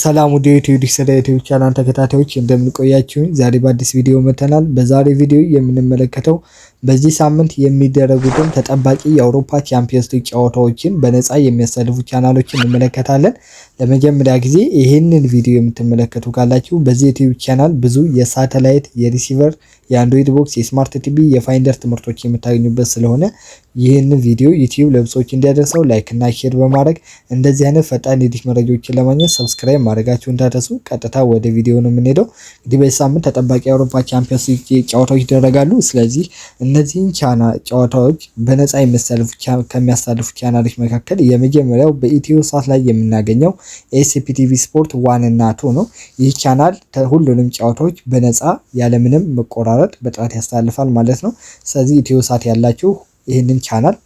ሰላም ወደ ዩቲዩብ ስለ ዩቲዩብ ቻናል ተከታታዮች እንደምንቆያችሁ፣ ዛሬ በአዲስ ቪዲዮ መተናል። በዛሬ ቪዲዮ የምንመለከተው በዚህ ሳምንት የሚደረጉትን ተጠባቂ የአውሮፓ ቻምፒየንስ ሊግ ጨዋታዎችን በነፃ የሚያሳልፉ ቻናሎችን እንመለከታለን። ለመጀመሪያ ጊዜ ይህንን ቪዲዮ የምትመለከቱ ካላችሁ በዚህ ዩቲዩብ ቻናል ብዙ የሳተላይት የሪሲቨር የአንድሮይድ ቦክስ፣ የስማርት ቲቪ፣ የፋይንደር ትምህርቶች የምታገኙበት ስለሆነ ይህንን ቪዲዮ ዩቲዩብ ለብሶች እንዲያደርሰው ላይክ እና ሼር በማድረግ እንደዚህ አይነት ፈጣን የዲሽ መረጃዎችን ለማግኘት ሰብስክራይብ ማድረጋችሁ እንዳደረሱ። ቀጥታ ወደ ቪዲዮ ነው የምንሄደው። እንግዲህ በዚህ ሳምንት ተጠባቂ የአውሮፓ ቻምፒዮንስ ሊግ ጨዋታዎች ይደረጋሉ። ስለዚህ እነዚህን ቻና ጨዋታዎች በነፃ የሚያሳልፉ ከሚያሳልፉ ቻናሎች መካከል የመጀመሪያው በኢትዮ ሳት ላይ የምናገኘው ኤስፒቲቪ ስፖርት ዋን እና ቱ ነው። ይህ ቻናል ሁሉንም ጨዋታዎች በነፃ ያለምንም መቆራረጥ በጥራት ያስተላልፋል ማለት ነው። ስለዚህ ኢትዮ ሳት ያላችሁ ይህንን ቻናል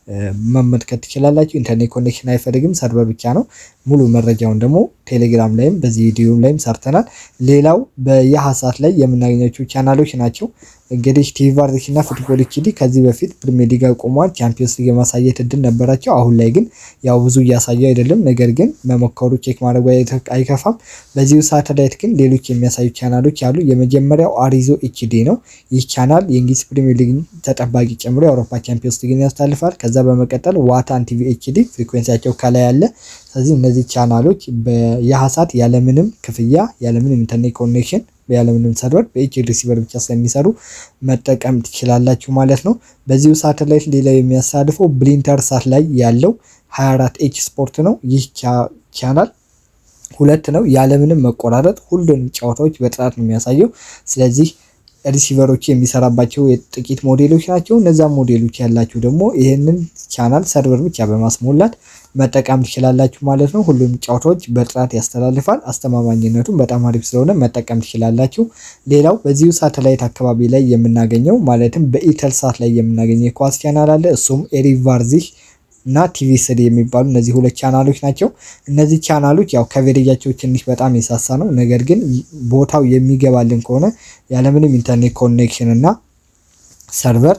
መመልከት ትችላላችሁ። ኢንተርኔት ኮኔክሽን አይፈልግም፣ ሰርቨር ብቻ ነው። ሙሉ መረጃውን ደግሞ ቴሌግራም ላይም በዚህ ቪዲዮ ላይም ሰርተናል። ሌላው በየሀ ላይ የምናገኛቸው ቻናሎች ናቸው። እንግዲህ ቲቪ ቫርዚክ እና ፉትቦል ኪዲ ከዚህ በፊት ፕሪሚየር ሊግ አቁሟል። ቻምፒዮንስ ሊግ የማሳየት እድል ነበራቸው። አሁን ላይ ግን ያው ብዙ እያሳየ አይደለም። ነገር ግን መሞከሩ ቼክ ማድረጉ አይከፋም። በዚሁ ሳተላይት ግን ሌሎች የሚያሳዩ ቻናሎች አሉ። የመጀመሪያው አሪዞ ኤችዲ ነው። ይህ ቻናል የእንግሊዝ ፕሪሚየር ሊግ ተጠባቂ ጨምሮ የአውሮፓ ቻምፒዮንስ ሊግን ያስተላልፋል። ከዛ በመቀጠል ዋታን ቲቪ ኤችዲ ፍሪኩዌንሲያቸው ከላይ ያለ ስለዚህ እነዚህ ቻናሎች የሀሳት ያለምንም ክፍያ ያለምንም ኢንተርኔት ኮኔክሽን ያለምንም ሰርቨር በኤች ሪሲቨር ብቻ ስለሚሰሩ መጠቀም ትችላላችሁ ማለት ነው። በዚሁ ሳተላይት ሌላው የሚያሳልፈው ብሊንተር ሳት ላይ ያለው 24 ኤች ስፖርት ነው። ይህ ቻናል ሁለት ነው። ያለምንም መቆራረጥ ሁሉን ጨዋታዎች በጥራት ነው የሚያሳየው። ስለዚህ ሪሲቨሮች የሚሰራባቸው ጥቂት ሞዴሎች ናቸው። እነዚ ሞዴሎች ያላችሁ ደግሞ ይህንን ቻናል ሰርቨር ብቻ በማስሞላት መጠቀም ትችላላችሁ ማለት ነው። ሁሉም ጨዋታዎች በጥራት ያስተላልፋል። አስተማማኝነቱም በጣም አሪፍ ስለሆነ መጠቀም ትችላላችሁ። ሌላው በዚሁ ሳተላይት አካባቢ ላይ የምናገኘው ማለትም በኢተል ሳት ላይ የምናገኘው የኳስ ቻናል አለ። እሱም ኤሪቫርዚህ እና ቲቪ ስሪ የሚባሉ እነዚህ ሁለት ቻናሎች ናቸው። እነዚህ ቻናሎች ያው ከቬሬጃቸው ትንሽ በጣም የሳሳ ነው። ነገር ግን ቦታው የሚገባልን ከሆነ ያለምንም ኢንተርኔት ኮኔክሽን እና ሰርቨር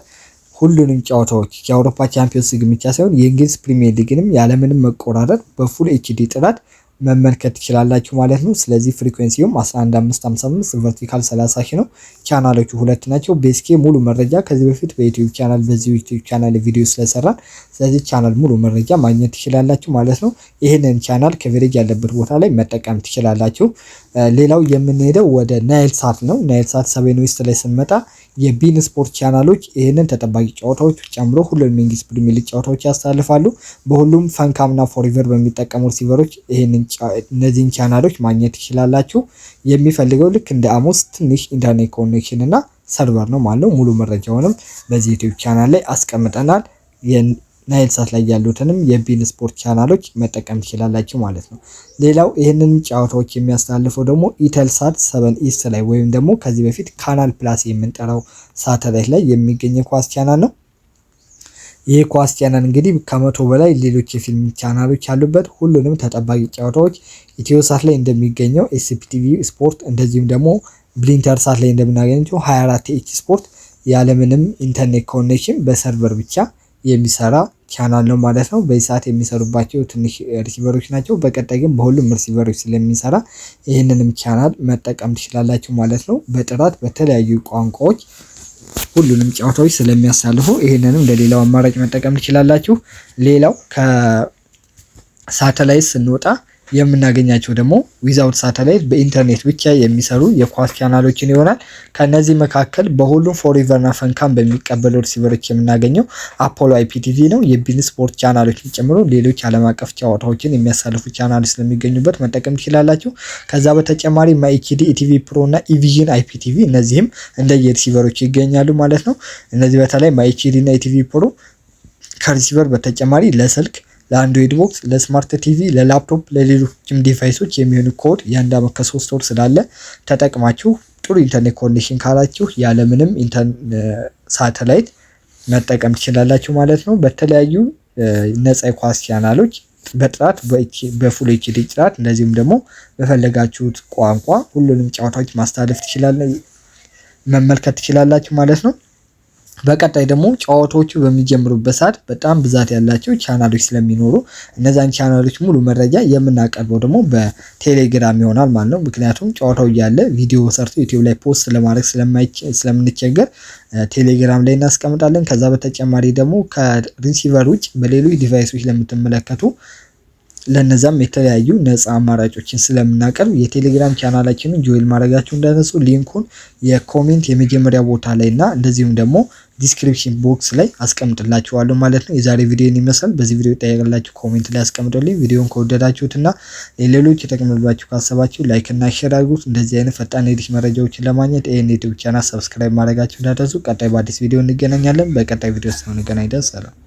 ሁሉንም ጨዋታዎች የአውሮፓ ቻምፒዮንስ ሊግ ብቻ ሳይሆን የእንግሊዝ ፕሪሚየር ሊግንም ያለምንም መቆራረጥ በፉል ኤችዲ ጥራት መመልከት ትችላላችሁ ማለት ነው። ስለዚህ ፍሪኩዌንሲውም 11555 ቨርቲካል 30 ሺ ነው። ቻናሎቹ ሁለት ናቸው። ቤስኬ ሙሉ መረጃ ከዚህ በፊት በዩቲዩብ ቻናል በዚህ ዩቲዩብ ቻናል ቪዲዮ ስለሰራን ስለዚህ ቻናል ሙሉ መረጃ ማግኘት ትችላላችሁ ማለት ነው። ይህንን ቻናል ከቬሬጅ ያለበት ቦታ ላይ መጠቀም ትችላላችሁ። ሌላው የምንሄደው ወደ ናይል ሳት ነው። ናይል ሳት ሰቤን ዌስት ላይ ስንመጣ የቢን ስፖርት ቻናሎች ይህንን ተጠባቂ ጨዋታዎች ጨምሮ ሁሉንም የእንግሊዝ ፕሪሚየር ሊግ ጨዋታዎች ያስተላልፋሉ። በሁሉም ፈንካምና ፎሪቨር በሚጠቀሙ ሪሲቨሮች እነዚህን ቻናሎች ማግኘት ይችላላችሁ። የሚፈልገው ልክ እንደ አሞስ ትንሽ ኢንተርኔት ኮኔክሽን እና ሰርቨር ነው ማለት ነው። ሙሉ መረጃውንም በዚህ ዩቲዩብ ቻናል ላይ አስቀምጠናል። ናይል ሳት ላይ ያሉትንም የቢን ስፖርት ቻናሎች መጠቀም ትችላላችሁ ማለት ነው። ሌላው ይህንን ጨዋታዎች የሚያስተላልፈው ደግሞ ኢተል ሳት ኢስት ላይ ወይም ደግሞ ከዚህ በፊት ካናል ፕላስ የምንጠራው ሳተላይት ላይ የሚገኝ ኳስ ቻናል ነው። ይህ ኳስ ቻናል እንግዲህ ከመቶ በላይ ሌሎች የፊልም ቻናሎች ያሉበት ሁሉንም ተጠባቂ ጨዋታዎች ኢትዮ ሳት ላይ እንደሚገኘው ኤስፒቲቪ ስፖርት እንደዚሁም ደግሞ ብሊንተር ሳት ላይ እንደምናገኘው 24 ኤች ስፖርት ያለምንም ኢንተርኔት ኮኔክሽን በሰርቨር ብቻ የሚሰራ ቻናል ነው ማለት ነው። በዚህ ሰዓት የሚሰሩባቸው ትንሽ ሪሲቨሮች ናቸው። በቀጣይ ግን በሁሉም ሪሲቨሮች ስለሚሰራ ይህንንም ቻናል መጠቀም ትችላላችሁ ማለት ነው። በጥራት በተለያዩ ቋንቋዎች ሁሉንም ጨዋታዎች ስለሚያሳልፉ ይህንንም ለሌላው አማራጭ መጠቀም ትችላላችሁ። ሌላው ከሳተላይት ስንወጣ የምናገኛቸው ደግሞ ዊዛውት ሳተላይት በኢንተርኔት ብቻ የሚሰሩ የኳስ ቻናሎችን ይሆናል። ከእነዚህ መካከል በሁሉም ፎሪቨርና ፈንካም በሚቀበሉ ሪሲቨሮች የምናገኘው አፖሎ አይፒቲቪ ነው። የቢን ስፖርት ቻናሎችን ጨምሮ ሌሎች ዓለም አቀፍ ጨዋታዎችን የሚያሳልፉ ቻናሎች ስለሚገኙበት መጠቀም ትችላላቸው። ከዛ በተጨማሪ ማኢኪዲ፣ ኢቲቪ ፕሮ እና ኢቪዥን አይፒቲቪ እነዚህም እንደ የሪሲቨሮች ይገኛሉ ማለት ነው። እነዚህ በተለይ ማኢኪዲ እና ኢቲቪ ፕሮ ከሪሲቨር በተጨማሪ ለስልክ ለአንድሮይድ ቦክስ፣ ለስማርት ቲቪ፣ ለላፕቶፕ፣ ለሌሎችም ዲቫይሶች የሚሆን ኮድ የአንድ አመት ከሶስት ወር ስላለ ተጠቅማችሁ ጥሩ ኢንተርኔት ኮንዲሽን ካላችሁ ያለምንም ሳተላይት መጠቀም ትችላላችሁ ማለት ነው። በተለያዩ ነፃ የኳስ ቻናሎች በጥራት በፉል ኤችዲ ጥራት እንደዚሁም ደግሞ በፈለጋችሁት ቋንቋ ሁሉንም ጨዋታዎች ማስተላለፍ ትችላለ መመልከት ትችላላችሁ ማለት ነው። በቀጣይ ደግሞ ጨዋታዎቹ በሚጀምሩበት ሰዓት በጣም ብዛት ያላቸው ቻናሎች ስለሚኖሩ እነዛን ቻናሎች ሙሉ መረጃ የምናቀርበው ደግሞ በቴሌግራም ይሆናል ማለት ነው። ምክንያቱም ጨዋታው እያለ ቪዲዮ ሰርቶ ዩቲዩብ ላይ ፖስት ለማድረግ ስለምንቸገር ቴሌግራም ላይ እናስቀምጣለን። ከዛ በተጨማሪ ደግሞ ከሪሲቨር ውጭ በሌሎች ዲቫይሶች ለምትመለከቱ ለነዛም የተለያዩ ነፃ አማራጮችን ስለምናቀርብ የቴሌግራም ቻናላችንን ጆይል ማድረጋችሁ እንዳነሱ ሊንኩን የኮሜንት የመጀመሪያ ቦታ ላይ እና እንደዚሁም ደግሞ ዲስክሪፕሽን ቦክስ ላይ አስቀምጥላችኋለሁ ማለት ነው። የዛሬ ቪዲዮን ይመስላል። በዚህ ቪዲዮ ጠየቅላችሁ ኮሜንት ላይ አስቀምጡልኝ። ቪዲዮን ከወደዳችሁት ከወደዳችሁትና ለሌሎች የተቀመጥባችሁ ካሰባችሁ ላይክ እና ሼር አድርጉት። እንደዚህ አይነት ፈጣን የዲሽ መረጃዎችን ለማግኘት ይህን ዩቲዩብ ቻናል ሰብስክራይብ ማድረጋችሁ እንዳትረሱ። ቀጣይ በአዲስ ቪዲዮ እንገናኛለን። በቀጣይ ቪዲዮ እስከምንገናኝ ድረስ ሰላም።